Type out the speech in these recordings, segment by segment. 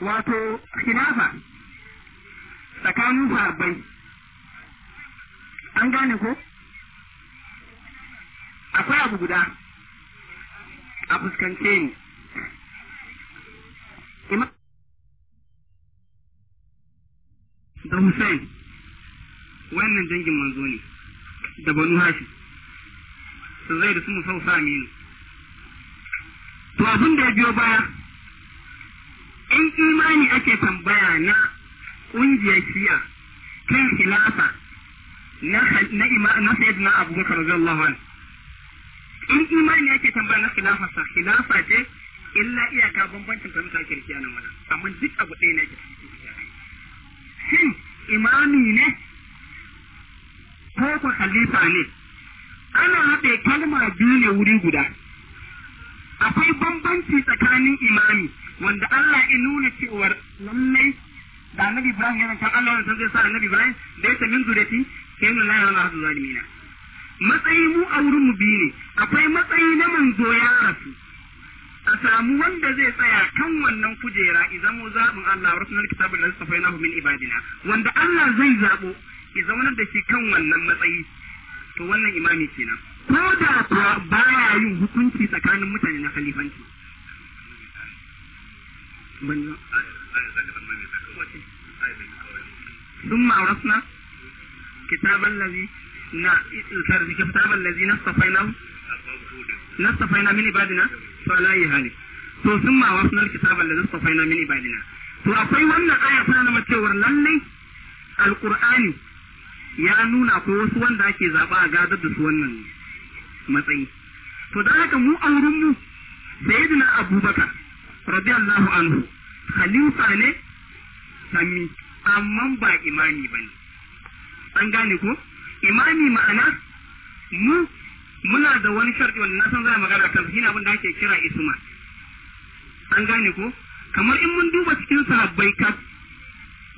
wato khilafa tsakanin sahabbai an gane ko akwai abu guda a fuskance ni. ne da Hussein wannan dangin manzo ne da banu hashi su zai da su musau sami ne to abin da ya biyo baya in imani ake tambaya na ƙungiyar shiya kan khilafa na na na sayyidina abubakar radiyallahu anhu in imani ake tambaya na khilafa sa khilafa ce illa iyaka bambancin ta mutane kirkiya na mana amma duk abu ɗaya na ke shin imami ne ko ko khalifa ne ana haɗe kalma biyu ne wuri guda akwai bambanci tsakanin imani wanda Allah ya nuna cewar lallai da annabi Ibrahim yana kan Allah wannan zai sa annabi Ibrahim da ya min zuriyati ke mun lana na hadu zalimina matsayi mu a wurin mu biyu ne akwai matsayi na manzo ya rasu a samu wanda zai tsaya kan wannan kujera mu zaɓin Allah wa rasulun kitabun da safai na min ibadina wanda Allah zai zaɓo idan zaunar da shi kan wannan matsayi to wannan imani kenan ko da kuwa tsakanin mutane na khalifanci sun ma'aurasna kitaban lazi na isa da zike kitaban lazi na stafai na mini badina su alayi hali to sun ma'aurasna kitaban lazi stafai na mini badina to akwai wannan aya ta nama cewar lallai alƙur'ani ya nuna ko wasu wanda ake zaɓa a gadar da su wannan matsayi to da haka mu a wurin mu sayyidina abubakar radiyallahu anhu khalifa ne sami amma ba imani ba ne. an gane ko imani ma'ana mu muna da wani sharɗi wanda na san za magana kan shi abin da ake kira isma an gane ko kamar in mun duba cikin sahabbai ka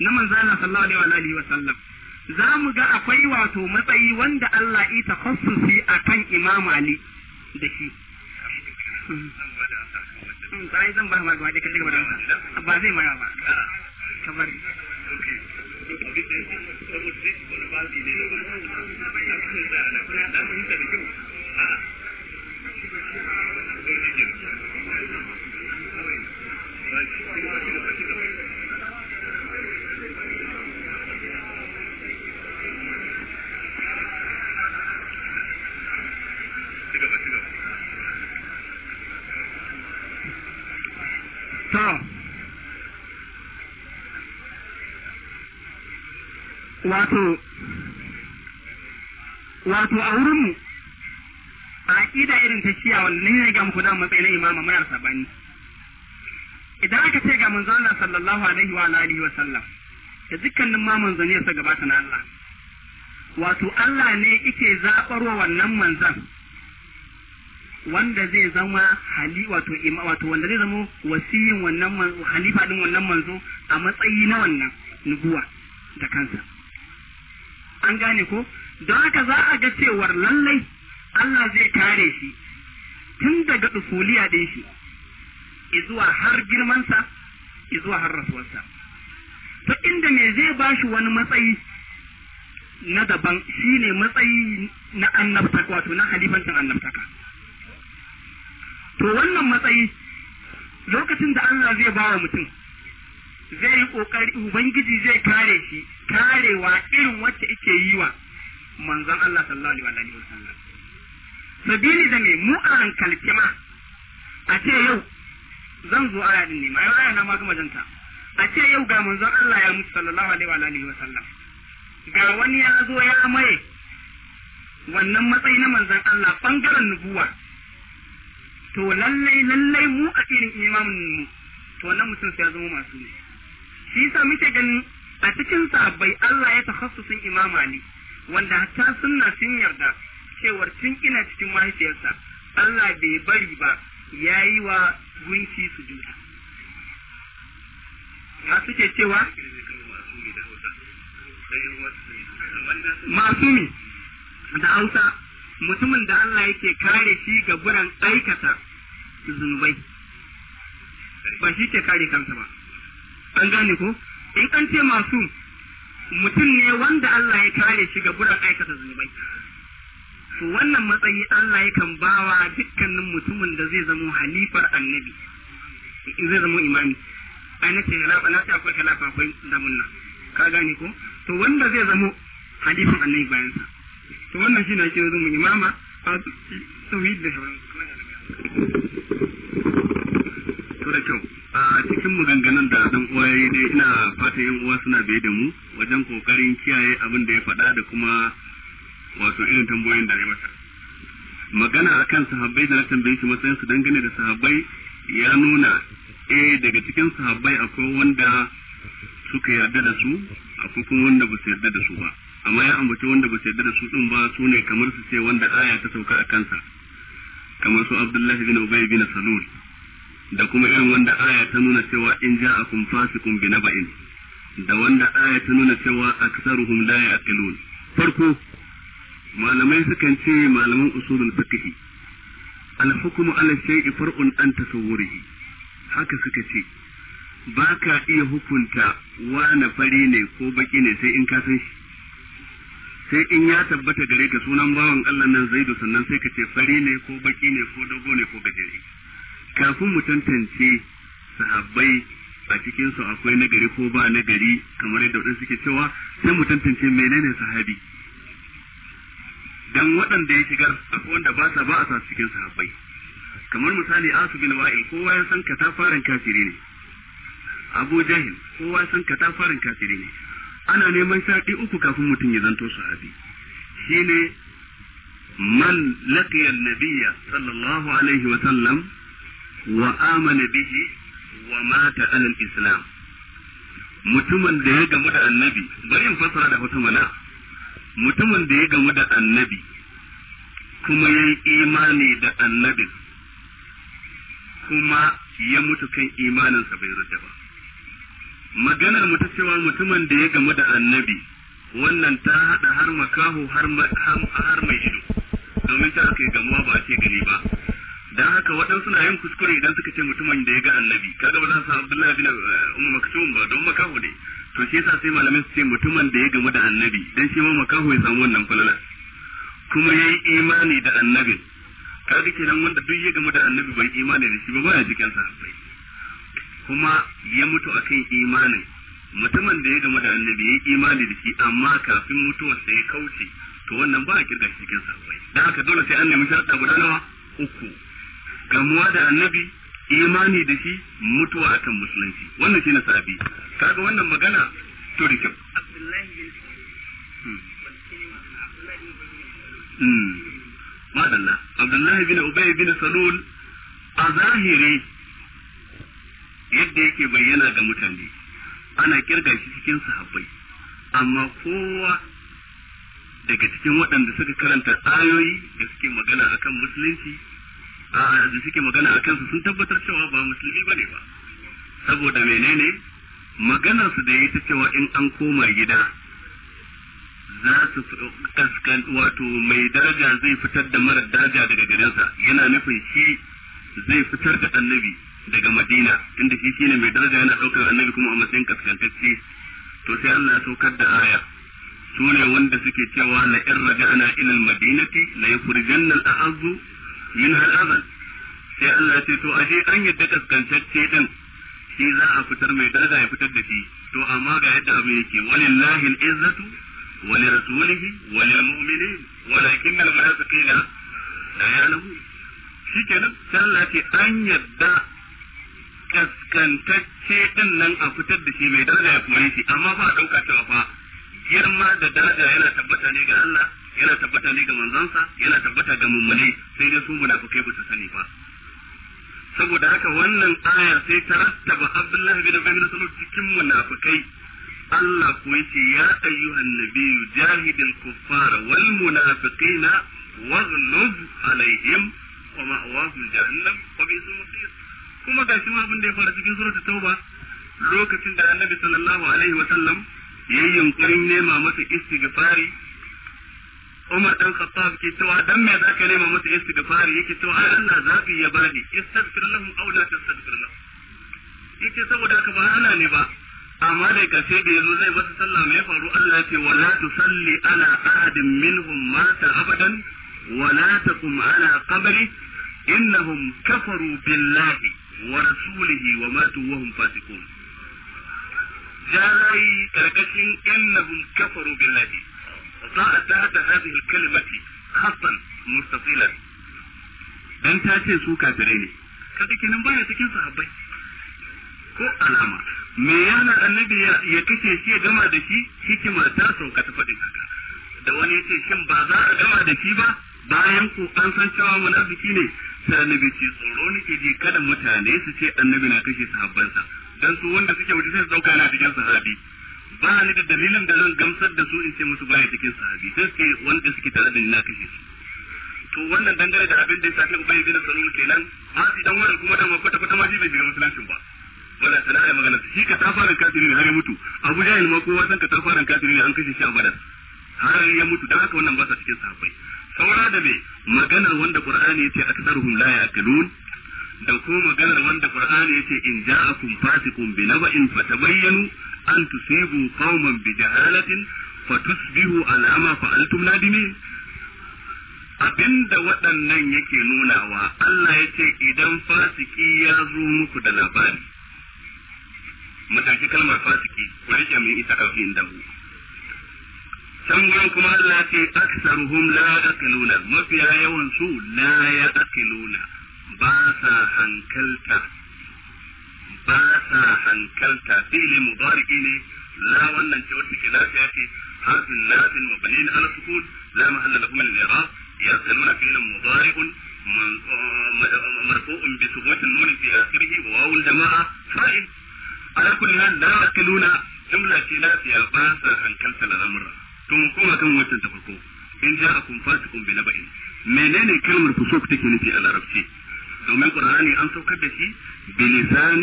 na manzo Allah sallallahu alaihi wa sallam za mu ga akwai wato matsayi wanda Allah ita khassusi akan Imam Ali da shi hmm, kwarai zan ba ma da kashi gaba da ba zai mara ba Thank you. wato wato a wurin a aƙida irin ta shiya wanda ne ga muku kudan matsayi na imama mayar sabani idan aka ce ga manzo Allah sallallahu alaihi wa alihi wa sallam da dukkanin ma manzanni ya gabata na Allah wato Allah ne yake zabarwa wannan manzan wanda zai zama hali wato ima wato wanda zai zama wasiyin wannan halifa din wannan manzo a matsayi na wannan nubuwa da kansa an gane ko don haka za a ga cewar lallai Allah zai kare shi tun daga dukuliya ɗin shi izuwa har girmansa izuwa har rasuwarsa to inda me zai ba shi wani matsayi na daban shi ne matsayi na annabtaka wato na halifantan annabtaka to wannan matsayi lokacin da Allah zai ba wa mutum zai yi ƙoƙari ubangiji zai kare shi karewa irin wacce ike yi wa manzon Allah sallallahu alaihi wa sallam sabili da me mu a a ce yau zan zo aya din ne ma aya na ma gama janta a ce yau ga manzon Allah ya mutu sallallahu alaihi wa sallam ga wani ya zo ya maye wannan matsayi na manzon Allah bangaren nubuwa to lallai lallai mu a irin imamin mu to wannan mutum sai ya zama masu ne shi yasa muke ganin a cikin sahabbai Allah ya takhassusin Imam Ali wanda hatta sunna sun yarda cewar tun ina cikin mahaifiyarsa Allah bai bari ba ya wa gunki su juda. Ma suke cewa? Masumi da Hausa mutumin da Allah yake kare shi ga guran aikata zunubai ba shi ke kare kansa ba. An gane ko? in an ce masu mutum ne wanda Allah ya kare shi ga gudan aikata zunubai to wannan matsayi Allah ya kan bawa dukkanin mutumin da zai zamo halifar annabi zai zamo imami ai ce halafa na ce akwai kalafa akwai zamunna ka gane ko to wanda zai zamo halifar annabi bayan sa to wannan shi na ke zo mu imama a tauhid da to da kyau a cikin maganganun da dan uwa yayi dai ina fata yan uwa suna biye da mu wajen kokarin kiyaye abin da ya faɗa da kuma wato irin tambayoyin da ya magana akan sahabbai da na tambaye shi matsayin su dangane da sahabbai ya nuna eh daga cikin sahabbai akwai wanda suka yarda da su akwai kuma wanda ba su yarda da su ba amma ya ambaci wanda ba su yarda da su din ba su ne kamar su ce wanda aya ta sauka a kansa kamar su Abdullahi bin Ubay bin Salul da kuma irin wanda aya ta nuna cewa in ja'akum fasikun bi naba'in da wanda aya ta nuna cewa aktsaruhum la ya'qilun farko malamai sukan ce malaman usulul fiqh al-hukmu ala shay'i far'un an tasawwurihi haka suka ce ba ka iya hukunta wani fari ne ko baki ne sai in ka san shi sai in ya tabbata gare ka sunan bawan Allah nan zaidu sannan sai ka ce fari ne ko baki ne ko dogo ne ko gajere kafin mu tantance sahabbai a cikin su akwai nagari ko ba nagari kamar yadda wadansu suke cewa sai mu tantance menene sahabi dan waɗanda ya shigar akwai wanda ba sa ba a sa cikin sahabbai kamar misali asu bin wa'il kowa ya san katafaren kafiri ne abu jahil kowa ya san katafaren kafiri ne ana neman shaƙi uku kafin mutum ya zanto sahabi shine man laqiya an-nabiyya sallallahu alaihi wa sallam wa amana bihi wa mata alal islam mutumin da ya gamu da annabi bari in fassara da wata mana mutumin da ya gamu da annabi kuma ya yi imani da annabi kuma ya mutu kan imaninsa bai rudda ba maganar mu ta cewa mutumin da ya gamu da annabi wannan ta hada har makahu har mai shi domin ta aka yi gamuwa ba a ce gani ba dan haka waɗansu suna yin kuskure idan suka ce mutumin da ya ga annabi kaga ba za su Abdullahi bin eh, Ummu Maktum ba don makaho ne to shi yasa sai malamin su ce mutumin da ya gamu da annabi dan shi ma makahu ya samu wannan falala kuma yayi imani da annabi kaga kenan wanda duk ya gamu da annabi bai imani da shi ba baya cikin sahabbai kuma ya mutu akan imanin mutumin da ya gamu da annabi yayi imani da shi amma kafin mutuwar sai ya kauce to wannan ba a kirga cikin sahabbai dan haka dole sai an nemi sharta guda nawa uku gamuwa da annabi imani da shi mutuwa akan musulunci wannan shi na sabi kaga wannan magana to da kyau hmm. hmm. madalla abdullahi bin ubay bin salul a zahiri yadda yake bayyana ga mutane ana kirga shi cikin sahabbai amma kowa daga cikin waɗanda suka karanta ayoyi da suke magana akan musulunci a da suke magana a kansu sun tabbatar cewa ba musulmi ba ne ba saboda menene maganar su da yi ta cewa in an koma gida za su kaskan wato mai daraja zai fitar da mara daraja daga garinsa yana nufin shi zai fitar da annabi daga madina inda shi shine mai daraja yana daukar annabi kuma a matsayin kaskantacce to sai Allah ya saukar da aya su ne wanda suke cewa la in raja'na ila al-madinati la yukhrijanna al azu. min hal sai Allah ce to ashe an yadda kaskantacce din shi za a fitar mai daraja ya fitar da shi to amma ga yadda abu yake walillahi al-izzatu wa li rasulihi wa lil mu'minin walakin al-munafiqina la ya'lamun shikenan sai Allah ce an yadda kaskantacce din nan a fitar da shi mai daraja ya kuma shi amma ba a dauka cewa fa girma da daraja yana tabbata ne ga Allah yana tabbata ne ga manzansa yana tabbata ga mummune sai dai su munafikai ba su sani ba saboda haka wannan aya sai ta rattaba Abdullahi bin Ubay bin Salul cikin munafikai Allah ku yace ya ayyuhan nabiyyu jahidil kuffar wal munafiqina waghlub alaihim wa ma'awahum jahannam wa bi'sal masir kuma ga shi ma abin da ya fara cikin suratul tauba lokacin da annabi sallallahu alaihi wa sallam yayin yunkurin nema masa istighfari Umar dan Khattab ke cewa dan me zaka nema musu istighfari yake cewa ai Allah zaki ya bani istaghfir lahum aw la tastaghfir lahum yake saboda ka ba ana ne ba amma ka ce da yazo zai wata sallah mai faru Allah ce wala tusalli ala ahadin minhum mata abadan wala taqum ala qabri innahum kafaru billahi wa rasulihi wa matu wa hum fasiqun jarai karkashin innahum kafaru billahi ضاعت تحت هذه الكلمة خطا مستطيلا dan ta ce su kafirai ne kaga kenan baya cikin sahabbai ko al'amar me yana annabi ya kace shi ya gama da shi hikima ta sauka ta faɗi haka da wani ya ce shin ba za a gama da shi ba bayan ku an san cewa arziki ne sai annabi ce tsoro ke ji kada mutane su ce annabi na kashe sahabbansa dan su wanda suke wuce sai su dauka na cikin sahabi ba ni da dalilin da zan gamsar da su in ce musu baya cikin sahabi sai suke wanda suke tare da ni na kashe su to wannan dangane da abin da ya shafi ubai bin salul kenan ma su dan wani kuma dan kwata kwata ma shi bai shiga musulunci ba wala ta da magana shi ka ta fara kafiri ne har ya mutu abu jahil ma kowa san ka ta fara kafiri ne an kashe shi a badar har ya mutu dan haka wannan ba sa cikin sahabbai saura da me maganar wanda qur'ani yace aktsaruhum la ya'qilun da ko maganar wanda qur'ani yace in ja'akum fasiqun bi naba'in fatabayyanu أن تصيبوا قوما بجهالة jahalatin fa ما فعلتم ma abinda waɗannan yake nunawa Allah ya ce idan fasiki ya zo muku da labari mataki kalmar fasiki ku rike mai ita kafin inda mu San gurin kuma Allah ce aksaruhum la yaqiluna mafiya yawan su la yaqiluna ba sa hankalta ba sa hankalta fi'ilin mubariki ne la wannan ce wacce ke lafiya ce harfin lafin mabani ala sukun la mahalla lahu min al-i'rab yasaluna fi'ilin mubarikun مرفوع بثبوت النون في اخره وواو الجماعه فاعل على كل حال لا يعقلون جمله لا في الباسا ان كنسل الامر ثم كما كان وجه تفرقوا ان جاءكم فاسق بنبأ menene kalmar fusuk take nufi a larabci domin qur'ani an saukar da shi بلسان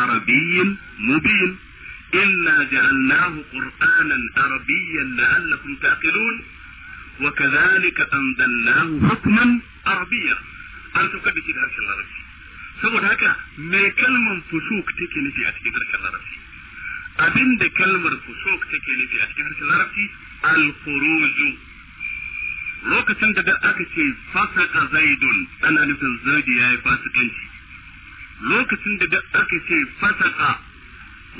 عربي مبين إنا جعلناه قرآنا عربيا لعلكم تعقلون وكذلك أنزلناه حكما عربيا an saukar da shi da harshen larabci saboda haka mai kalmar fusuk take nufi a cikin harshen larabci abinda kalmar fusuk take nufi a cikin harshen larabci al-khuruju lokacin da aka ce fasaka zaidun ana nufin zaidi yayi fasikanci lokacin da aka ce fasaka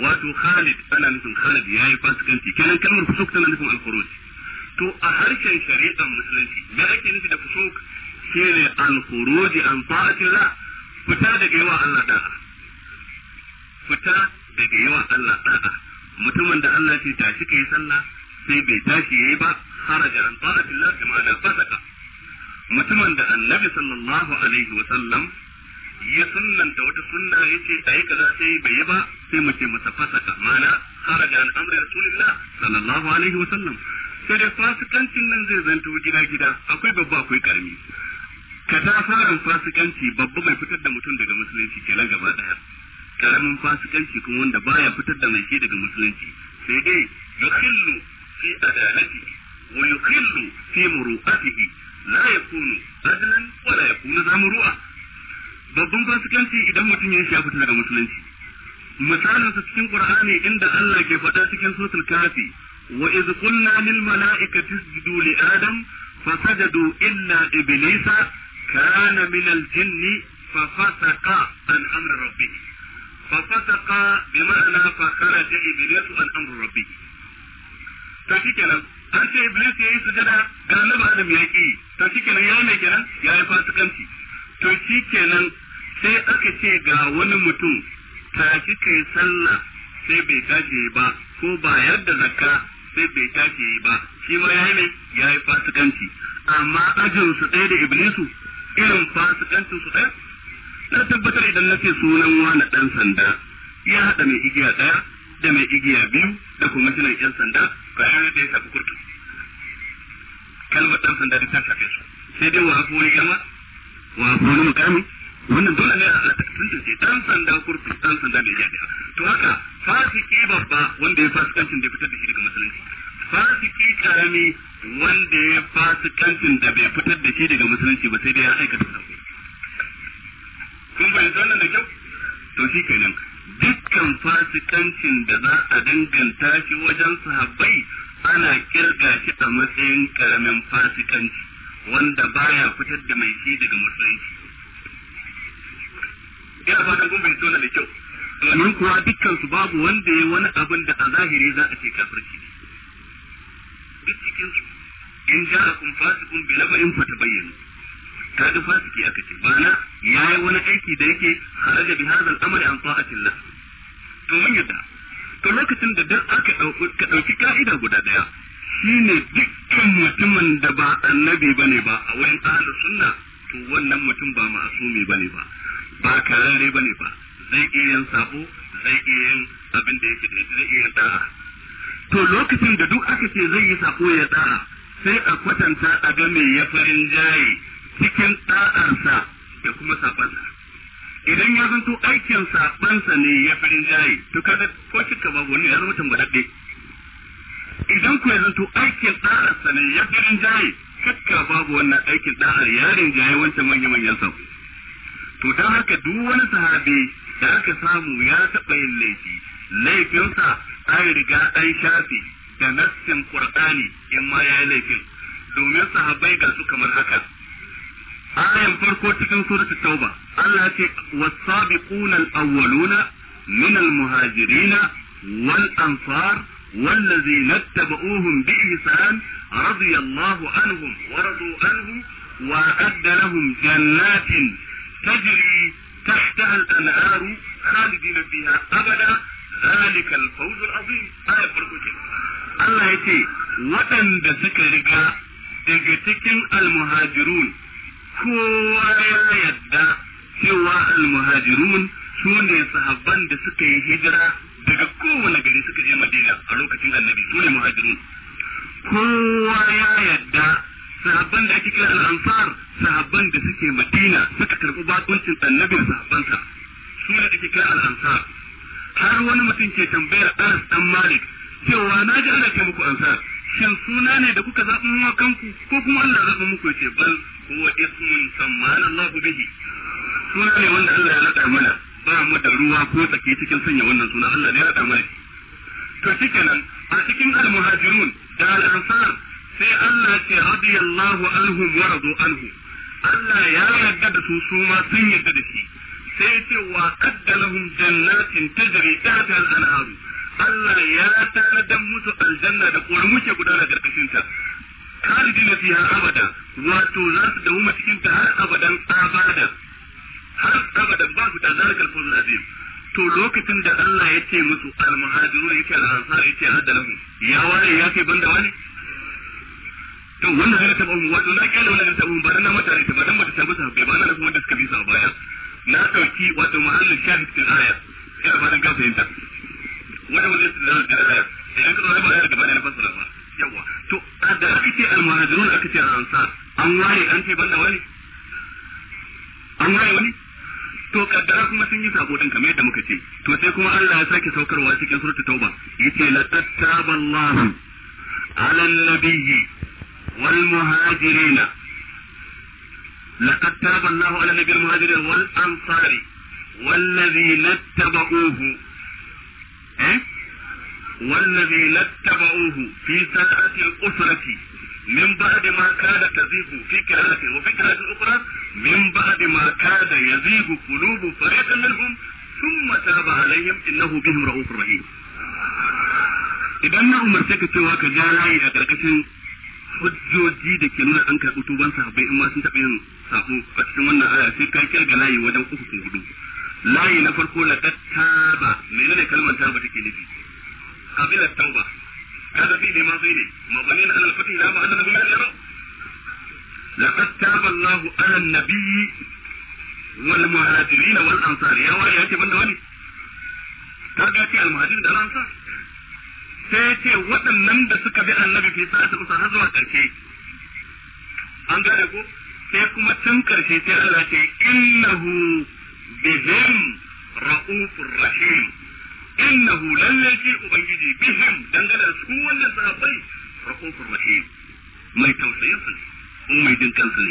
wato Khalid ana nufin Khalid ya yi fasikanci kenan kalmar fusuk tana nufin al to a harshen shari'ar musulunci me ake nufi da fusuk shi al-khuruj an ta'atillah fita daga yawa Allah da'a fita daga yawa Allah da'a mutumin da Allah ce tashi kai sallah sai bai tashi yayi ba haraja an ta'atillah kama da fasaka mutumin da annabi sallallahu alaihi wa sallam ya sunnanta wata sunna ya ce a yi kaza sai bai yi ba sai mu ce masa fasaka mana kharaja an amri rasulillah sallallahu alaihi wa sallam sai dai fasikancin nan zai zanto gida gida akwai babba akwai karmi ta farin fasikanci babba mai fitar da mutum daga musulunci kenan gaba daya karamin fasikanci kuma wanda baya fitar da mai shi daga musulunci sai dai yukhillu fi adalati wa yukhillu fi muru'atihi la yakunu adlan wa la yakunu zamru'a babban fasikanci idan mutum ya shafi daga musulunci misalin su cikin qur'ani inda Allah ke faɗa cikin suratul kafi wa iz qulna lil malaikati isjudu li adam fasajadu illa iblisa kana min al jinni fa fasaqa an amri rabbih fa fasaqa bima'na fa kharaja iblisu an amri rabbih ta kenan an ce iblis yayi sujada ga annabi adam yaki ta kenan ya mai kenan yayi fasikanci to shi kenan sai aka ce ga wani mutum tashi kai sallah sai bai tashi ba ko bayar da zakka sai bai tashi ba shi ma yayi ne yayi fasikanci amma ajin su ɗaya da iblisu irin fasikancin su ɗaya na tabbatar idan na sunan wani ɗan sanda ya haɗa mai igiya ɗaya da mai igiya biyu da kuma kwamishinan ƴan sanda ga shi da ya shafi kurtu kalmar ɗan sanda da ta shafe su sai dai wa hafi wani girma wa wani mukami wannan dole ne a tantance dan sanda kurfi dan sanda mai ya da to haka fasiki babba wanda ya fasikancin da fitar da shi daga musulunci fasiki karami wanda ya fasikancin da bai fitar da shi daga musulunci ba sai dai ya aikata sabo kun bayyana wannan da kyau to shi kenan dukkan fasikancin da za a danganta shi wajen sahabbai ana kirga shi a matsayin karamin fasikanci wanda baya fitar da mai shi daga musulunci ina fatan kun bai tona da kyau domin kuwa dukkan su babu wanda ya wani abin da a zahiri za a ce kafirci duk cikin su in ja'akum fasiqun bi nabain ga kaga fasiki aka ce ya yi wani aiki da yake kharaja bi hadha al-amri an ta'atillah to mun yadda to lokacin da duk aka ɗauki ka'ida guda ɗaya, shine dukkan mutumin da ba annabi bane ba a wurin ahlus sunna to wannan mutum ba ma'asumi bane ba ba kararre bane ba zai iya yin sabo zai iya yin abin da yake da zai iya tsara. to lokacin da duk aka ce zai yi sabo ya tsara, sai a kwatanta a ga me ya farin jaye cikin da'arsa da kuma sabansa idan ya zanto aikin sabansa ne ya farin jaye to kada ko cika babu wani ya zama tambadadde idan ku yanzu to aikin ɗa'arsa ne ya fi rinjaye shakka babu wannan aikin ɗa'ar ya rinjaye wancan manya-manyan sa to dan haka duk wani sahabi da aka samu ya taɓa yin laifi laifinsa an riga an shafi da nassin qur'ani in ma ya yi laifin domin sahabbai ga su kamar haka ayan farko cikin suratul tauba Allah ce wasabiquna awwaluna min al-muhajirina wal-ansar والذين اتبعوهم بإحسان رضي الله عنهم ورضوا عنه وأعد لهم جنات تجري تحتها الأنهار خالدين فيها أبدا ذلك الفوز العظيم آية فرقوشي الله يتي وطن دسك رقا دقتكم المهاجرون كوالا يدى سوى المهاجرون سوني صحبان دسك هجرة daga kowane gari suka je madina a lokacin annabi su ne muhajirun kowa ya yadda sahabban da ake kira al'ansar sahabban da suke madina suka karɓi bakuncin annabi da sahabbansa su ne ake kira al'ansar. har wani mutum ke tambayar Anas dan Malik cewa na ji ana ce muku ansar shin suna ne da kuka zaɓi wa kanku ko kuma Allah zaɓi muku ya ce bal huwa ismun samman Allah bihi suna ne wanda Allah ya naɗa mana ba mu da ruwa ko tsaki cikin sanya wannan suna Allah ne ya rada mana to shikenan a cikin al-muhajirun da al sai Allah ce radiyallahu anhum wa radu anhu Allah ya yarda da su su ma sun yarda da shi sai ce wa qaddalahum jannatin tajri tahta al-anhar Allah ya tanadar musu aljanna da muke gudana cikin ta khalidina fiha abada wato za su dawo cikin ta har abadan abada abadan ba su da zalikal fawzul azim to lokacin da Allah ya ce musu al-muhajirun yake al-ansar yace hadalan ya wani ya ce banda wani to wannan hana ta bamu wato na kyale wannan ta bamu ba nan mutane ta ba dan ta tabbata bai ba na kuma wanda suka bi sa baya na dauki wato mahallin shahid cikin aya ya ba dan gafa yinta wanda wanda su da da aya idan ka zama da gaba ne na fasara ba yawa to da aka ce al-muhajirun aka ce al-ansar an ware an ce banda wani an ware wani to kaddara kuma sun yi sabo din kamar yadda muka ce to sai kuma Allah ya sake saukarwa cikin suratul tauba yace la tattaballahu ala nabiyyi wal muhajirin laqad taba Allahu ala nabiyil muhajirin wal ansari والذين اتبعوه إيه؟ والذين اتبعوه في ساعة الأسرة من بعد ما كان تزيغ في قراءة وفي قراءة أخرى min ba'di ma kada yazigu idan na umarce ka cewa ka ja layi a karkashin hujjoji da ke nuna an karɓi tuban sahabbai in ma sun taɓa yin sabo a cikin wannan aya sai ka kirga layi wajen uku ko hudu layi na farko la taba menene kalmar taba take nufi kabila tauba kaga da ma ne na لقد تاب الله على النبي والمهاجرين والانصار يا ولي يأتي من ولي تاقاتي المهاجرين والأنصار سيأتي وطن نمد سكبئ النبي في ساعة har zuwa ƙarshe an gane ko sai kuma tun ƙarshe sai Allah ce innahu bihim ra'ufur rahim innahu lalle shi ubangiji bihim dangane su wannan sahabbai ra'ufur rahim mai tausayin ne mai jin kansu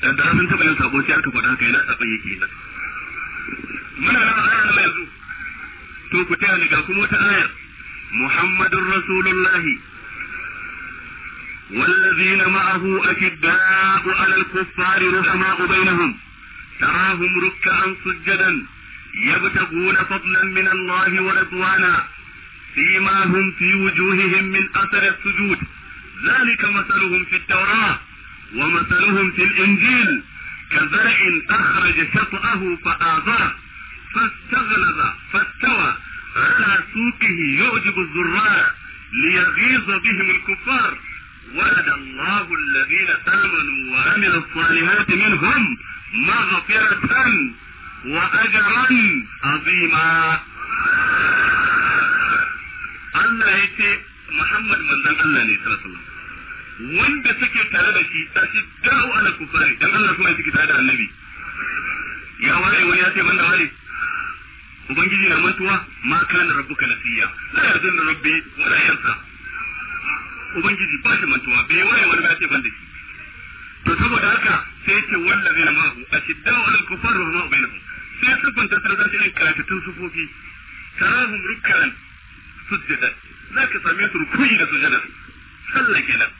ne da da sun taɓa yin sabo sai aka faɗa haka yana tsafin yake nan muna nan ayar mai yanzu to ku taya ni ga kuma wata ayar muhammadun rasulullahi والذين معه أشداء على الكفار رحماء بينهم تراهم ركعا سجدا يبتغون فضلا من الله ورضوانا فيما هم في وجوههم من أثر السجود ذلك مثلهم في التوراة ومثلهم في الإنجيل كزرع أخرج شطأه فآذره فاستغلظ فاستوى على سوقه يعجب الزراع ليغيظ بهم الكفار ولد الله الذين آمنوا وعملوا الصالحات منهم مغفرة وأجرا عظيما الله يتي محمد من الله عليه وسلم wanda suke tare da shi ta shi dawo ala kufari dan Allah kuma yake tare da annabi ya wani wani ya ce man da wani ubangiji na mantuwa ma kana rabbuka nasiya la yazun rabbi wala yansa ubangiji ba shi mantuwa bai wani wani ba ce ban da shi to saboda haka sai ya ce wallahi a shi ashiddaw ala kufari wa ma bainahum sai su kunta sai da cikin yi karatun sufofi tarahum rukkan sujjada zaka same su rukuyi da sujjada sallake nan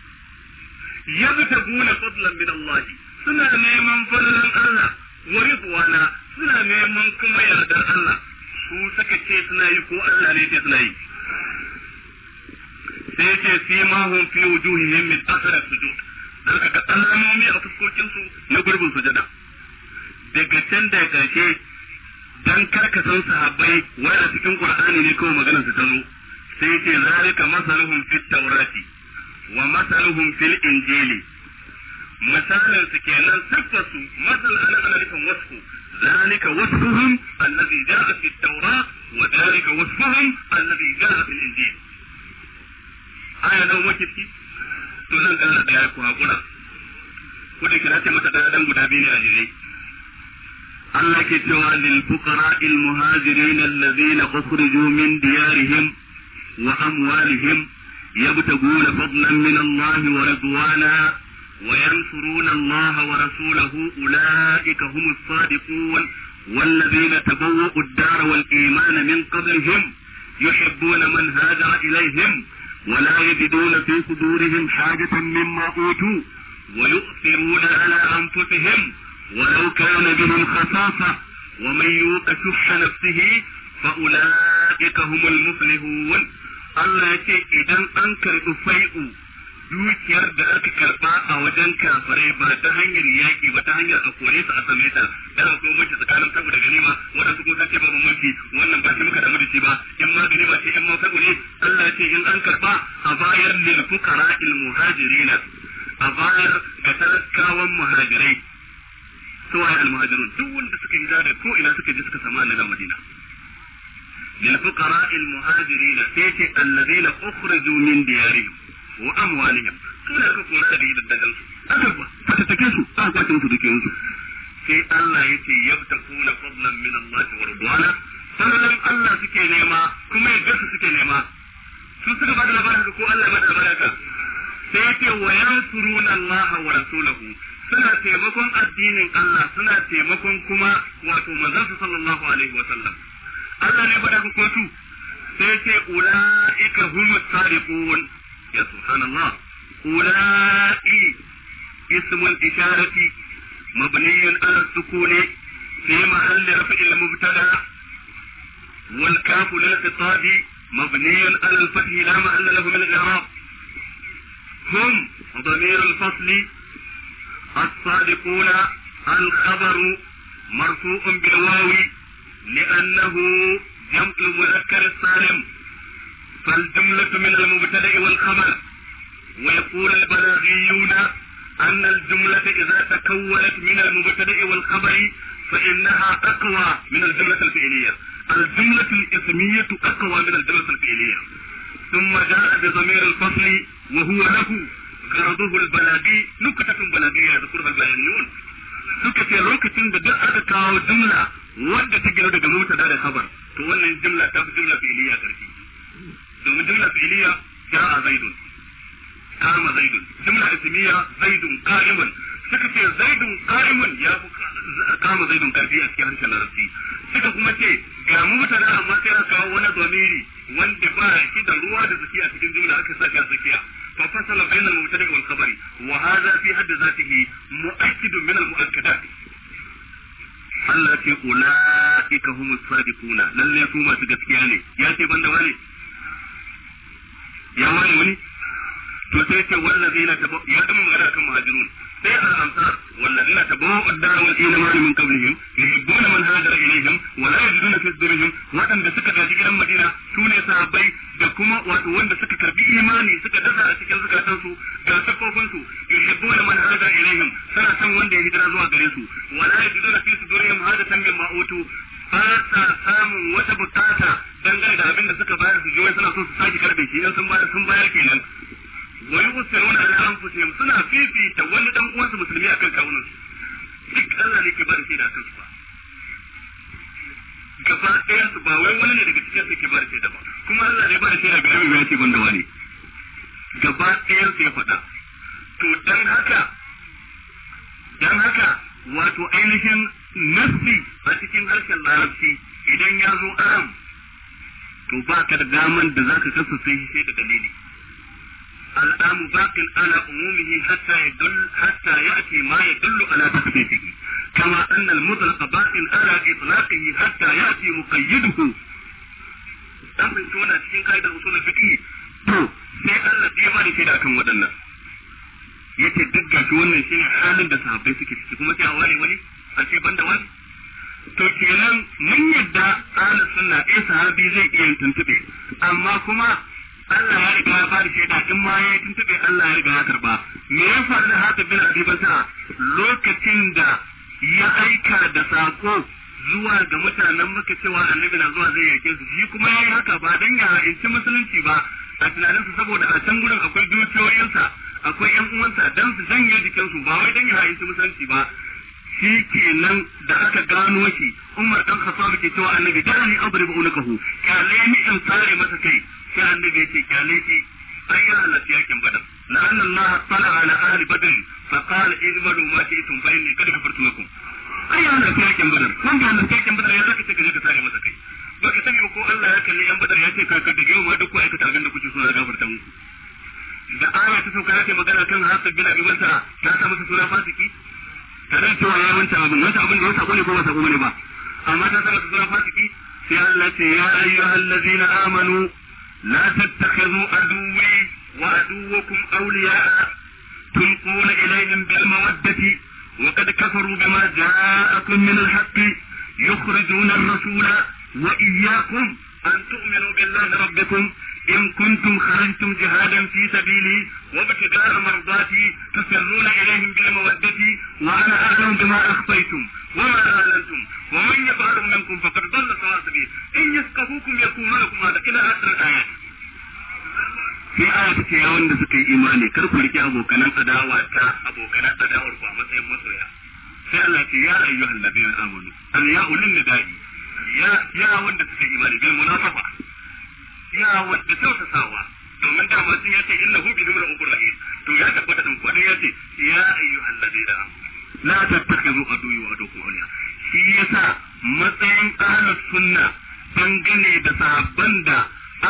yabtaguna fadlan min Allah suna neman fadlan Allah wa ridwana suna neman kuma yarda Allah su suka ce suna yi ko Allah ne ke suna yi sai ce fi ma hum fi wujuhihim min athar sujud daga ga alamomi a fuskokin su na gurbin sujada daga can da karshe dan karkasan sahabbai wai a cikin qur'ani ne kawai maganar su ta sai ce zalika masaluhum fit tawrati ومثلهم في الإنجيل مثلا سكينا سكتوا مثلا على ذلك ana ذلك وصفهم الذي جاء في التوراة وذلك وصفهم الذي جاء في الإنجيل هيا آية لو مكتي تنان دانا دايا كوها قرأ كل كراتي متى دانا دانا قدابين أجري الله كتوى للفقراء المهاجرين الذين أخرجوا من ديارهم وأموالهم يبتغون فضلا من الله ورضوانا وينصرون الله ورسوله أولئك هم الصادقون والذين تبوؤوا الدار والإيمان من قبلهم يحبون من هاجر إليهم ولا يجدون في صدورهم حاجة مما أوتوا ويؤثرون على أنفسهم ولو كان بهم خصاصة ومن يوق شح نفسه فأولئك هم المفلحون Allah ya ce idan an karɓi fai'u dukiyar da aka karɓa a wajen kafare ba ta hanyar yaƙi ba ta hanyar a kore su a same ta da kuma mace tsakanin saboda ganima wadansu kuma sace babu mulki wannan ba shi muka damu da shi ba in ma ganima ce in ma sabu ne Allah ya ce in an karɓa a bayar lil ilmu al muhajirina a bayar ga talakawan muhajirai suwaye al muhajirun duk wanda suka yi da ko ina suka je suka samu annabi Madina للفقراء المهاجرين سيتي الذين أخرجوا من ديارهم وأموالهم suna ka kora da yadda dagal aka aka take su aka kwace musu dukiyar su sai Allah ya ce yabtaquna fadlan min Allah wa ridwana fadlan Allah suke nema kuma yadda suke nema su suka bada labarin ko Allah ya bada labarin sai ya ce Allah suna taimakon addinin Allah suna taimakon kuma wato manzon alaihi wa sallam Allah ne faɗa ku kotu sai ce ula'ika hum sadiqun ya subhanallah ula'i ismul isharati mabniyun ala sukuni fi mahalli raf'il mubtada wal kafu lil khitab mabniyun ala al fath la mahalla lahu min al i'rab hum ضمير الفصل الصادقون الخبر مرفوع بالواو لأنه جمع المذكر السالم فالجملة من المبتدأ والخبر ويقول البلاغيون أن الجملة إذا تكونت من المبتدأ والخبر فإنها أقوى من الجملة الفعلية الجملة الإسمية أقوى من الجملة الفعلية ثم جاء بضمير الفصل وهو له غرضه البلاغي نكتة بلاغية يذكرها البلاغيون نكتة ركتة بدأت كاو جملة wanda ta gina daga mubtada da khabar to wannan jumla ta fi jumla fi'liya karfi domin jumla fi'liya a zaidun kama zaidun jumla ismiya zaidun qa'iman suka ce zaidun qa'iman ya fi kama zaidun karfi a cikin harshen larabci suka kuma ce ga da amma sai aka kawo wani zamiri wanda ba shi da ruwa da tsakiya cikin jumla aka saka a tsakiya ففصل بين المبتدئ والخبر وهذا في حد ذاته مؤكد من المؤكدات Allah ce ula'ika humus sadiquna lalle su masu gaskiya ne ya ce banda wani ya wani wani to sai ce wallazina tabu ya dama magana kan muhajirun sai al والذين تبوأوا الدار والإيمان من قبلهم يحبون من هاجر إليهم ولا يجدون في صدورهم وأن هذه المدينة suka karbi imani suka dasa a cikin zukatansu da sakofinsu da man hada ya hijira zuwa su wala yajiduna samun wata bukata dangane da abin da suka bayar su je suna so su sake karbe shi in sun bayar sun bayar suna fifita wani dan uwansu musulmi akan kawunan su duk Allah ne ke ba da shaida akan su ba gaba ɗaya su ba wai wani ne daga cikin su ke ba da shaida ba kuma Allah ne ba da shaida ga yau ya ce banda wani gaba ɗaya su ya faɗa to dan haka dan haka wato ainihin nasi a cikin harshen larabci idan ya zo aram to ba ka da daman da za ka kasa sai da dalili الآن باق على عمومه حتى يدل حتى يأتي ما يدل على تخصيصه كما أن المطلق باق على إطلاقه حتى يأتي مقيده dan tona cikin ka'idar usulul fiqh to sai Allah bai mani sai da akan waɗannan yace duk gashi wannan shine halin da sahabbai suke ciki kuma sai a wani a ce banda wani to kenan mun yadda ahlus sunna ai sahabi zai iya tuntube amma kuma Allah ya riga ya ba da shaida in ma ya tuntube Allah ya riga ya karba me ya faru da haka bin ba sa lokacin da ya aika da sako zuwa ga mutanen maka cewa annabi na zuwa zai yake su shi kuma yayi haka ba dan ya ra'ayi musulunci ba a tunaninsa saboda a can gurin akwai dukiyoyinsa akwai yan uwansa dan su janye jikinsu ba wai dan ya ra'ayi musulunci ba shi kenan da aka gano shi Umar dan Khattab ke cewa annabi ba'u na kahu ƙyale ni in tsare masa kai sai annabi yake kyale shi an yi halatta yakin badar ala ahli fa qala ma fa inni kafartu lakum ai ya halatta yakin badar yakin badar ya zaka take sare masa kai baka sani ko Allah ya kalli yan badar ya ce kaka da yau ma duk aikata abin da kuke so na gafarta muku da aya ta sauka ta magana kan hasab bin abi ta sa masa fasiki tare cewa ya wanta abin wanta abin da ne ko ne ba amma ta sa masa fasiki sai Allah ce ya amanu لا تتخذوا عدوي وعدوكم أولياء تلقون إليهم بالمودة وقد كفروا بما جاءكم من الحق يخرجون الرسول وإياكم أن تؤمنوا بالله ربكم إن كنتم خرجتم جهادا في سبيلي وابتغاء مرضاتي تسرون إليهم بالمودة وأنا أعلم بما أخفيتم وما أعلنتم ومن يفعل منكم فقد ضل سواء السبيل إن يثقفوكم يكون لكم هذا إلى آخر الآيات sai aya ta ce ya wanda suka yi imani kar ku rike abokanan adawa ta abokanan adawar ku a matsayin masoya sai Allah ce ya ayyuhal ladina amanu al ya ulil nidai ya ya wanda suka yi imani bil munafaqa kyawawa da kyautatawa domin da ya ce yace innahu bi numra ukurrahi to ya tabbata din ya ce ya ayyuhal ladina la tattakhidhu aduwwi wa aduwwakum awliya shi ya sa matsayin ahlus sunna dangane da sahabban da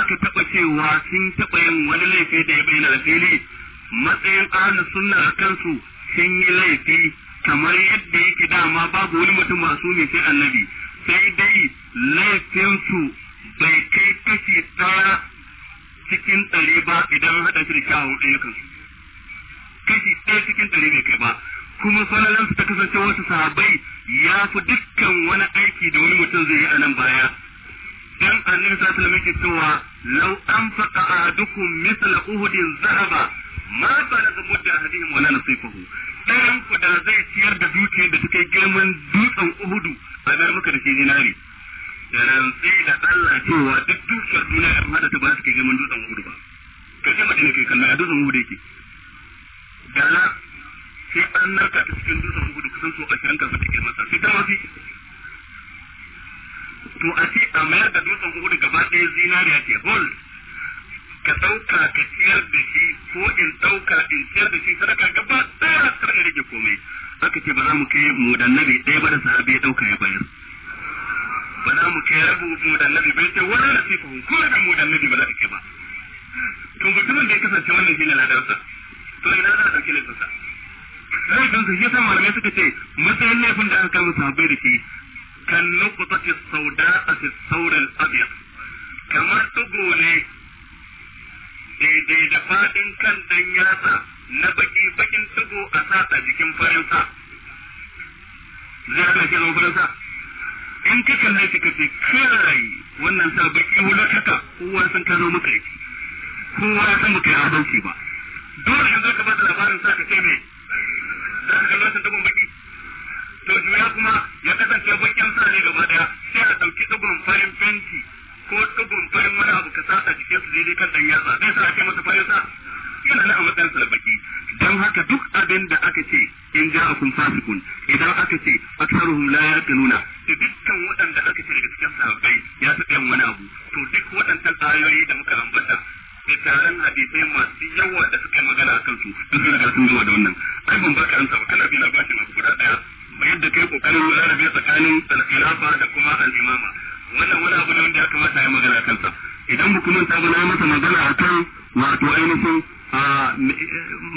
aka taɓa cewa sun taba yin wani laifi da ya bayyana fili matsayin ahlus sunna a kansu sun yi laifi kamar yadda yake dama babu wani mutum masu ne sai annabi sai dai laifinsu bai kai kashi tsara cikin ɗari ba idan haɗa shi da na kan kashi ɗaya cikin ɗari bai kai ba kuma falalan su ta kasance wasu sahabai ya fi dukkan wani aiki da wani mutum zai yi a nan baya dan annabi sallallahu alaihi wasallam cewa law anfaqa ahadukum mithla uhudin zahaba ma balaga mudda hadihim wala nasifahu dan ku da zai ciyar da dukiyar da take girman dutsen uhudu a nan muka da shi dinari rantsi da Allah cewa duk dukiyar duniya ya hada ta ba su kai girman dutsen hudu ba ka ce madina kai kallon a dutsen hudu yake dala sai an narka ta cikin dutsen hudu kusan so ashirin kafin ta girma sa sai ta mafi to a ce a mayar da dutsen hudu gaba ɗaya zinariya ce hol ka ɗauka ka ciyar da shi ko in ɗauka in ciyar da shi sadaka gaba ɗaya kar in rage komai aka ce ba za mu kai mu da nabi ɗaya ba da sahabi ya ɗauka ya bayar ba za mu kai rabin mu da annabi bai ce wani nasifa ko rabin mu da annabi ba za ta ke ba to mutumin da ya kasance wannan shine ladarsa to ina za a dauki laifinsa laifin sa yasa malamai suka ce matsayin laifin da aka kama sabai da shi kan nuqtati sauda a fi saurin abyad kamar tugo ne daidai da fadin kan dan yasa na baki bakin tugo a sa a jikin farin sa zai ana ke farin sa in ka kalle shi ka ce kai wannan sa baki hular haka kowa san ka zo maka yake kowa ya san maka yi adalci ba dole in zaka ka ba labarin sa ka ce me za ka kalli wasan dubin baki to juya kuma ya kasance bakin sa ne gaba daya sai a dauki dubun farin fenti ko dubun farin wani abu ka sa a jikin su daidai kan dan yatsa zai sa ce masa farin sa yana na a matsayin baki. don haka duk abin da aka ce in ja a kun fasikun idan aka ce aksaruhum la nuna da dukkan waɗanda aka ce daga cikin sahabbai ya fi ɗan wani abu to duk waɗannan ayoyi da muka ambata da taron hadisai masu yawa da suka yi magana a kansu duk sun riga sun zuwa da wannan ai ban baka ansa ba kana bin bashin masu guda ɗaya yadda kai kokarin larabe tsakanin al-khilafa da kuma al-imama wannan wani abu ne wanda ya kamata ya magana a kansa idan ba ta bana na masa magana a kan wato ainihin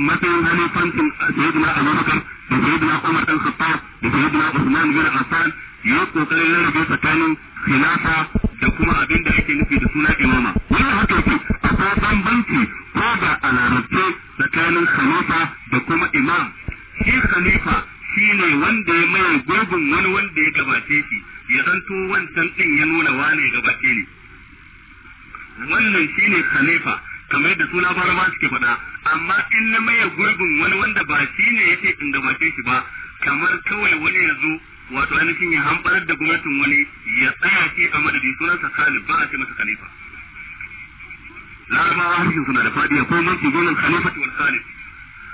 مثلا halifancin sayyidina abubakar da بكر umar dan da sayyidina usman bin affan ya kokarin rarrabe tsakanin خلافة da kuma abin da ake nufi da suna imama wannan haka yake akwai ko ba a larabce tsakanin khalifa da imam shi shi ne wanda ya maye gurbin wani wanda ya gabace shi ya zanto wancan din ya nuna wane gabace ne wannan shi khalifa kamar yadda suna ma suke faɗa amma in na maye gurbin wani wanda ba shi ne yake in da gabace shi ba kamar kawai wani ya zo wato ainihin ya hambarar da gwamnatin wani ya tsaya shi a madadi sunansa khalif ba a ce masa khalifa larabawa harshen suna da faɗi akwai mulki gonar khalifati wal khalif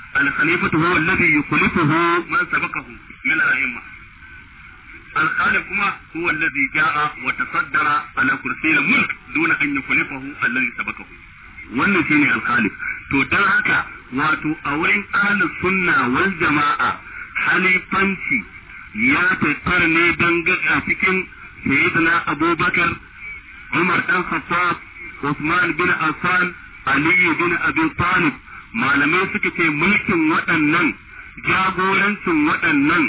الخليفة هو الذي يخلفه من سبقه من الأئمة الخالق كما هو الذي جاء وتصدر على كرسي الملك دون أن يخلفه الذي سبقه wannan shine alkhalif to dan haka wato a wurin ahli sunna wal jama'a halifanci ya tattara ne dan gaga cikin sayyidina abubakar umar dan khattab usman bin affan ali bin abi talib malamai suka ce mulkin waɗannan jagorancin waɗannan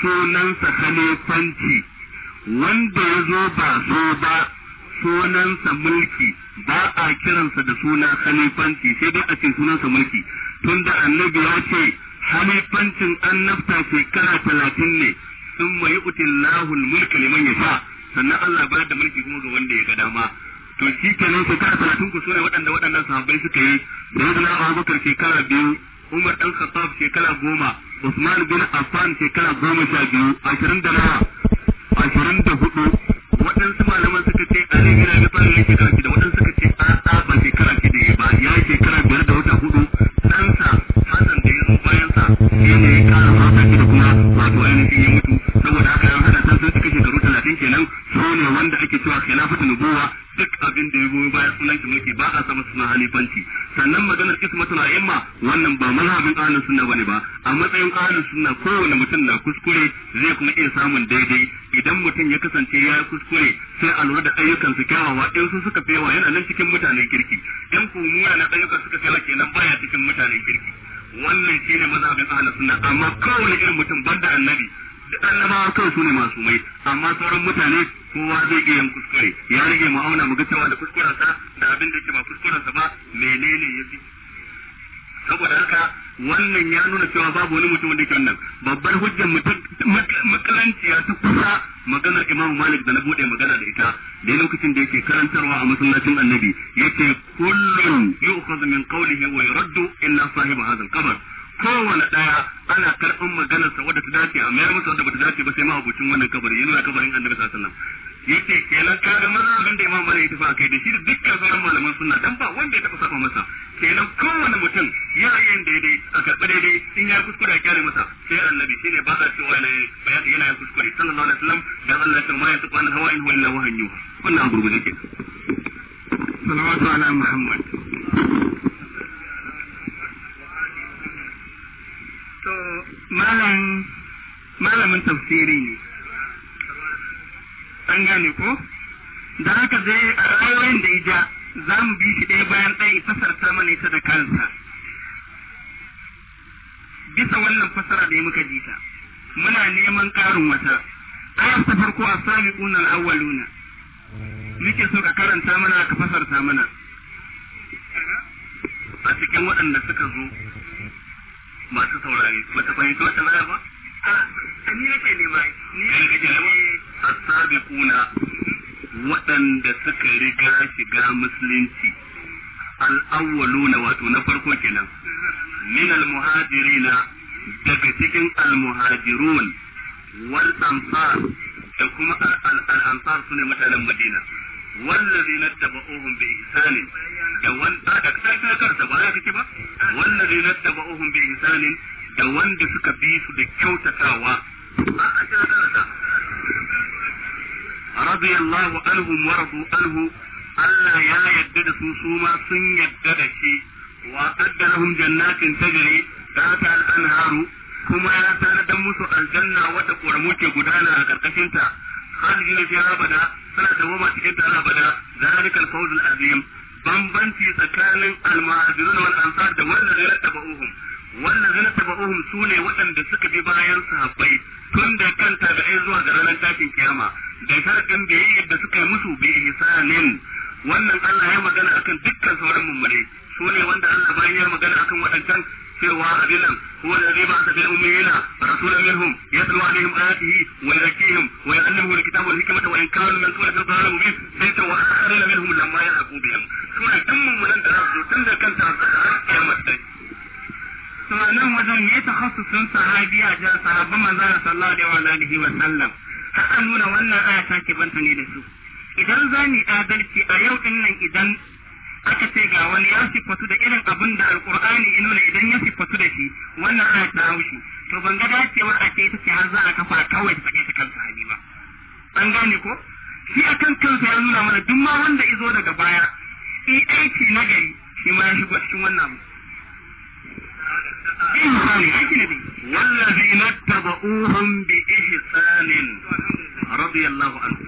sunansa halifanci wanda ya zo ba zo ba sunansa mulki ba a kiransa da suna halifanci sai dai a ce sunansa mulki da annabi ya ce halifancin annabta shekara talatin ne sun mai utin lahul mulki liman ya sa. sannan Allah bayar da mulki kuma ga wanda ya ga dama to shi kenan shekara talatin ku sune waɗanda waɗannan sahabbai suka yi da yadda na Abubakar shekara biyu Umar ɗan Khattab shekara goma Usman bin Affan shekara goma sha biyu ashirin da nawa ashirin da hudu waɗansu malaman suka ce ali bin abi talib ya shekara shida waɗansu suka ce a'a ba shekara shida ya ba ya shekara biyar da wata hudu ɗansa hasan da ya zo bayan sa shi ne ya kara fata shi da kuma wato ainihin ya mutu saboda haka an hada sun suka shekaru talatin kenan su ne wanda ake cewa khilafatu nubuwa duk abin da ya goyi baya sunan mulki ba a sama suna sunan halifanci sannan maganar ismatun yamma wannan ba mazhabin ahlus sunna bane ba a matsayin ahlus sunna kowane mutum na kuskure zai kuma iya samun daidai idan mutum ya kasance ya kuskure sai a lura da ayyukan su kyawawa in su suka fewa yana nan cikin mutanen kirki in ku na ayyukan suka fewa kenan baya cikin mutanen kirki wannan shine mazhabin ahlus sunna amma kowane irin mutum banda annabi duk annabawa kawai su ne masu mai amma sauran mutane kowa zai iya yin kuskure ya rage mu mu ga cewa da kuskurensa da abin da yake ba kuskurensa ba menene ya fi saboda haka wannan ya nuna cewa babu wani mutum da ke wannan babbar hujjar ya ta kusa maganar imamu malik da na bude magana da ita da lokacin da yake karantarwa a masallacin annabi yake kullum yu'khadhu min qawlihi wa yuraddu illa sahib hadha al-qabr kowane ɗaya ana karɓar maganarsa wadda ta dace a mayar masa wadda ba ta dace ba sai mahabucin wannan kabari yana kabarin annabi sallallahu alaihi wasallam yace kenan ka ga abin da imam malik tafa kai da shi da dukkan sauran malaman sunna dan ba wanda ya taɓa saba masa kenan kowane mutum ya yi yin daidai a karɓi daidai in ya kuskure a kyale masa sai annabi shine ba a cewa yana yana yin kuskure sallallahu alaihi wasallam da Allah ya ya tafi kwanan hawa in huwa illa wahyuha wannan gurguje ke sallallahu ala muhammad To, malamin tafsiri ne. An gane ko? Da haka zai a ayoyin da ija za mu bi shi ɗaya bayan ɗaya sarta mana ita da kansa. Bisa wannan fasara da ya muka ta. muna neman ƙarin wata. Ayar ta farko a sami ƙunar awwaluna. Muke so ka karanta mana ka fasarta mana. A cikin waɗanda suka zo masu saurari ba ta fahimci wata na ba a ni nake nema ni nake a as kuna waɗanda suka riga shiga musulunci al-awwaluna wato na farko kenan min al-muhajirina daga cikin al-muhajirun wal ansar da kuma al-ansar sune mutanen Madina والذين bi بإحسان da wanda da kai kai karsa ba ya kike ba wallazina tabauhum bi ihsanin da wanda suka bi su da kyautatawa radiyallahu anhum wa radu anhu Allah ya yadda da su su ma sun yadda da shi wa adda lahum jannatin tajri ta al-anharu kuma ya tanadar musu aljanna wata ƙoramu ke gudana a ƙarƙashin ta khalidin fiha abada suna dawoma cikin ta abada zalika al azim bambanci tsakanin al-muhajirun wal ansar da wannan da tabauhum wannan zina taba'uhum su ne waɗanda suka bi bayan sahabbai tun da kan tabi'ai zuwa ga ranar tashin kiyama da sharaɗin yi yadda suka yi musu bi ihsanin wannan Allah ya magana akan dukkan sauran mummune su ne wanda Allah bayan ya magana akan waɗancan cewa abinan هو الذي بعث في الأميين رسولا منهم يتلو عليهم آياته ويزكيهم ويعلمهم الكتاب والحكمة وإن كانوا من سورة القرآن المبين سيت وآخرين منهم لما يلحقوا بهم سورة تم من أن تنزل كنت على القيامة to a nan wajen me takhassusun sahabiya ga sahabban manzon sallallahu alaihi wa sallam haka nuna wannan aya ta ke banta ne da su idan za ni adalci a yau din nan idan aka ce ga wani ya siffatu da irin abin da alkur'ani ya nuna idan ya siffatu da shi wannan aya ta haushi to ban ga dacewa a ce ita ce har za a kafa kawai ta ta kan sahabi ba an gane ko shi a kan kansa ya nuna mana duk ma wanda izo daga baya in aiki na gari shi ma ya shigo cikin wannan ihsani aiki ne wallazina tabauhum bi ihsanin radiyallahu anhu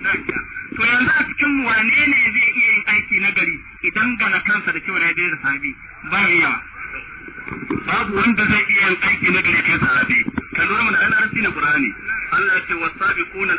to yanzu a cikin wane ne zai iya yin aiki na gari idan gana kansa da cewa ya je da sahabi babu wanda zai iya yin aiki na kai sahabi ka mana an arsi na qur'ani Allah ce wasabiquna al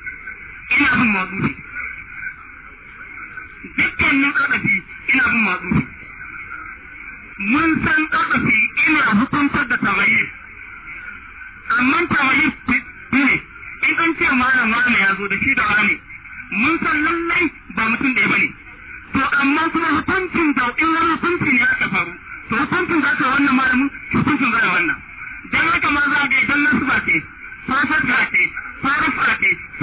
ina bin mazubi dukkanin ƙarfi ina bin mazubi mun san ƙarfi ina hukuntar da tamayi amma tamayi ne in an ce malam wani ya zo da shi da wani mun san lallai ba mutum da ya bane to amma kuma hukuncin da in wani hukunci ne aka faru to hukuncin za ta wannan malamin hukuncin za ta wannan dan haka ma za ga idan nasu ba ce farfar ba ce farfar ce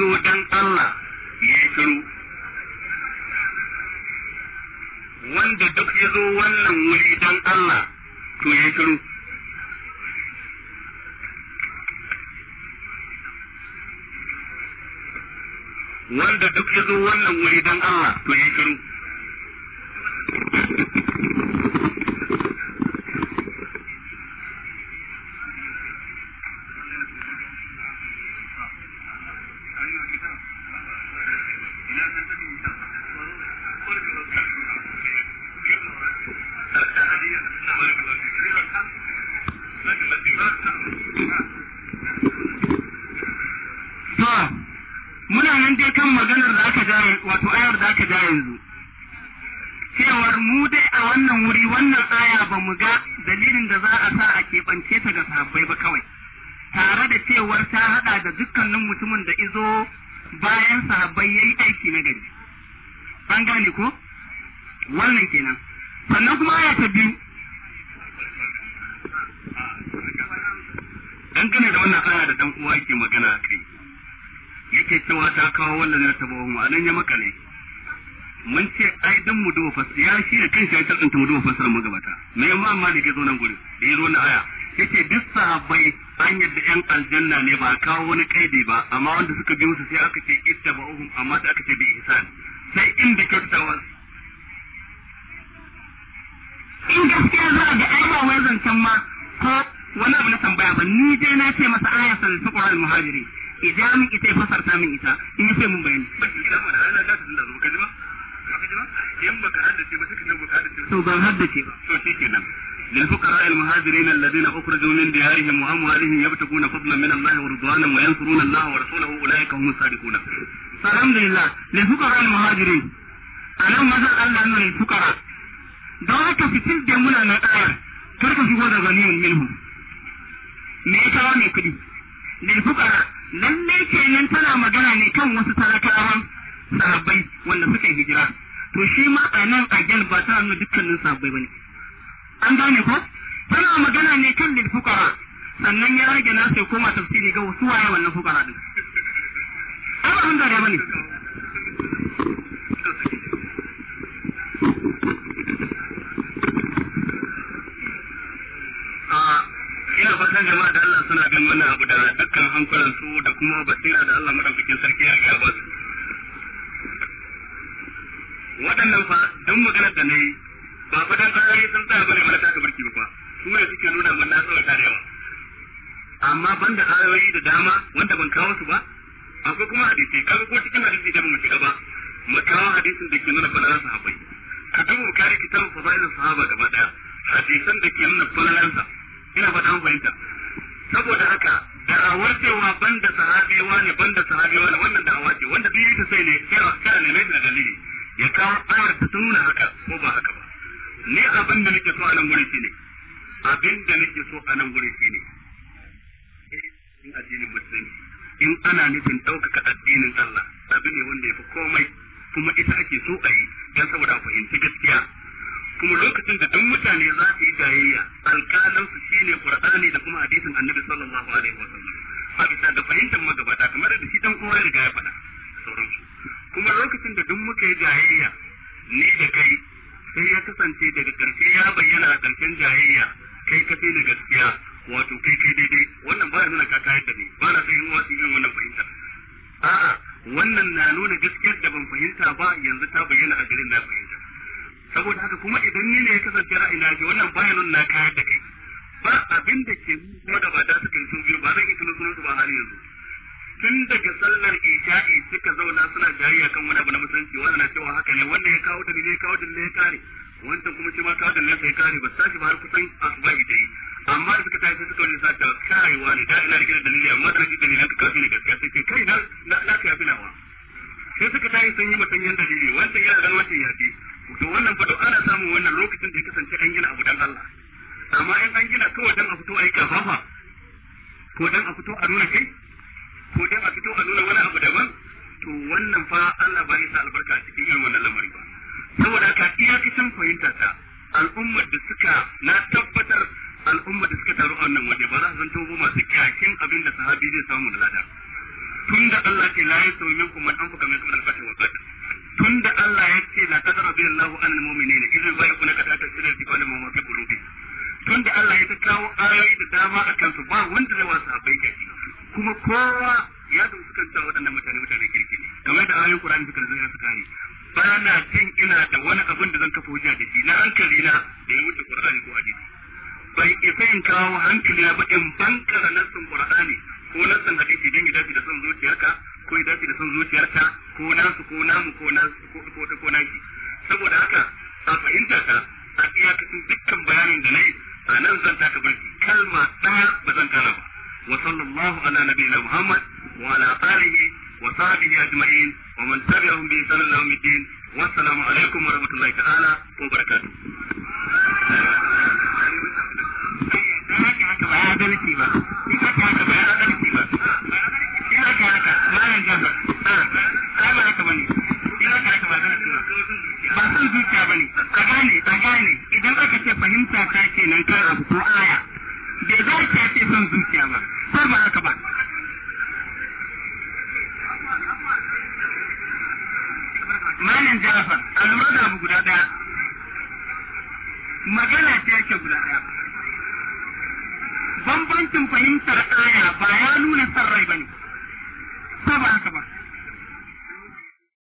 zo dan Allah ya yi shiru wanda duk ya zo wannan wuri dan Allah to ya yi shiru wanda duk ya zo wannan wuri dan Allah to ya yi shiru yanzu cewar mu dai a wannan wuri wannan aya ba mu ga dalilin da za a sa a keɓance ta ga sahabbai ba kawai tare da cewar ta haɗa da dukkanin mutumin da izo bayan sahabbai ya yi aiki na gari an gane ko wannan kenan sannan kuma aya ta biyu dangane da wannan aya da dan uwa yake magana a kai yake cewa ta kawo wannan na tabawa wa nan ya ne. mun ce ai dan mu duba fasara ya shi kan shi ya tantance mu duba fasara gabata me yamma amma da ke zo nan gurin da ya zo na aya yace duk sahabbai an yadda yan aljanna ne ba kawo wani kaidi ba amma wanda suka bi musu sai aka ce uhum amma sai aka ce bi ihsan sai inda kyautatawa in gaskiya za a ga ai ba wai zancen ma ko wani abu na tambaya ba ni dai na ce masa aya san su Qur'an muhajiri idan ita fasarta min ita in ce mun bayani ba shi kira mu da Allah ta tunda ka ji ba haddace ba in baka haddace للفقراء المهاجرين الذين أخرجوا من ديارهم وأموالهم يبتغون فضلا من الله ورضوانا وينصرون الله ورسوله أولئك هم الصادقون الحمد لله للفقراء المهاجرين أنا مثلا الله أنه الفقراء دعوك في تلك جمولة نتعر ترك في وضع غني منهم ميكا ميكدي للفقراء لن ميكي لن تلا مجانا ميكا وستلك أهم صحابي وأن فكي هجرات to shi ma a nan gyal ba ta hannu dukkanin sabbai bane an gane ko tana magana ne kan lil fuqara sannan ya rage na sai koma tafsiri ga wasu waye wannan fuqara din an ba hanga da bane ina fatan jama'a da Allah suna bin wannan abu da dukkan hankulansu da kuma basira da Allah madaukakin sarki ya ga ba su waɗannan fa don maganar da yi ba fa don ayoyi sun tsaya bane mana taka barci ba su ne suke nuna mana na tsawon tarewa amma ban da ayoyi da dama wanda ban kawo su ba akwai kuma hadisi kaga ko cikin hadisi da mu shiga ba mu kawo hadisin da ke nuna falalar sahabbai ka duba bukari kitabun fadailin sahaba gaba daya hadisan da ke nuna falalansa ina faɗa mun fahimta saboda haka da rawar cewa ban da sahabewa ne ban da sahabewa ne wannan da'awa ce wanda bai yi ta sai ne sai a kara ne mai da dalili ya kawo ayar da ta nuna haka ko ba haka ba ni abin da nake so a nan gurin shine abin da nake so a nan gurin shine in addinin musulmi in ana nufin ɗaukaka addinin Allah abin ne wanda ya fi komai kuma ita ake so a yi don saboda a fahimci gaskiya kuma lokacin da duk mutane za su yi jayayya alƙalansu shine Qur'ani da kuma hadisin Annabi sallallahu alaihi wasallam a bisa ga fahimtar magabata kamar da shi dan kowa ya riga ya faɗa sauransu kuma lokacin da duk muka yi jayayya ni da kai sai ya kasance daga ƙarshe ya bayyana a ƙarshen jayayya kai ka sai da gaskiya wato kai kai daidai wannan ba nuna ka kayar da ni ba na sayin su yin wannan fahimta a'a wannan na nuna gaskiyar da ban fahimta ba yanzu ta bayyana a garin na fahimta saboda haka kuma idan ni ne ya kasance ina ke wannan ba nuna na kayar da kai ba abin da ke kuma da ba da su kai sun biyu ba zan yi tunan sunan su ba hali yanzu tun daga sallar isha'i suka zauna suna jariya kan wani abu na musulunci wanda na cewa haka ne wanda ya kawo ya kawo ne ya kare wancan kuma shi ma kawo ne sai kare ba su shi ba har kusan asubahi ta yi amma da suka tashi suka wani sata karewa ne da ina da dalili amma da nake dalilan ka kafi ne gaskiya sai kai na na kafi nawa sai suka tafi sun yi musanyen dalili wancan ya dan wancan ya ce to wannan fa ana samun wannan lokacin da ya kasance an gina abu dan Allah amma in an gina kawai dan a fito a yi kafafa ko dan a fito a nuna kai ko dai a fito a nuna wani abu daban to wannan fa Allah ba sa albarka a cikin irin wannan lamari ba saboda ka iyakacin fahimtar ta al'ummar da suka na tabbatar al'ummar da suka taru a wannan waje ba za su zanto ba masu kyakin abin da sahabi zai samu da lada tun da Allah ke la yasu minkum man anfaqa min qabl al-fath wa qad tun da Allah ya ce la qad radiyallahu anil mu'minina idan bai kuna kada ta sirri fi qawli ma fi qulubi tun da Allah ya ta kawo ayoyi da dama akan su ba wanda zai wasu sahabbai kyakin kuma kowa ya gamsu kan cewa waɗannan mutane mutane kirki ne kamar da ayoyin Qur'ani suka zo ya suka ne ba na jin ina da wani abin da zan kafa hujja da shi na hankali na da ya wuce Qur'ani ko hadisi bai isa in kawo hankali na ba in bankara nassin Qur'ani ko nassin hadisi dan ya dace da son zuciyarka ko ya dace da son zuciyarka ko nasu ko namu ko nasu ko ko ko shi saboda haka a fahimta ta a iyakacin dukkan bayanin da na yi a nan zan ta وصلى الله على نبينا محمد وعلى آله وصحبه أجمعين ومن تبعهم بإحسان إلى يوم الدين والسلام عليكم ورحمة الله تعالى وبركاته. ba son zuciya ba ne ka gane ka gane idan aka ce fahimta ta kenan kan abu ko aya bai za ka ce son zuciya ba har ba haka ba malin jarafar. almada abu guda daya magana ta yake guda daya bambancin fahimtar aya ba ya nuna sarrai ba ne ba haka ba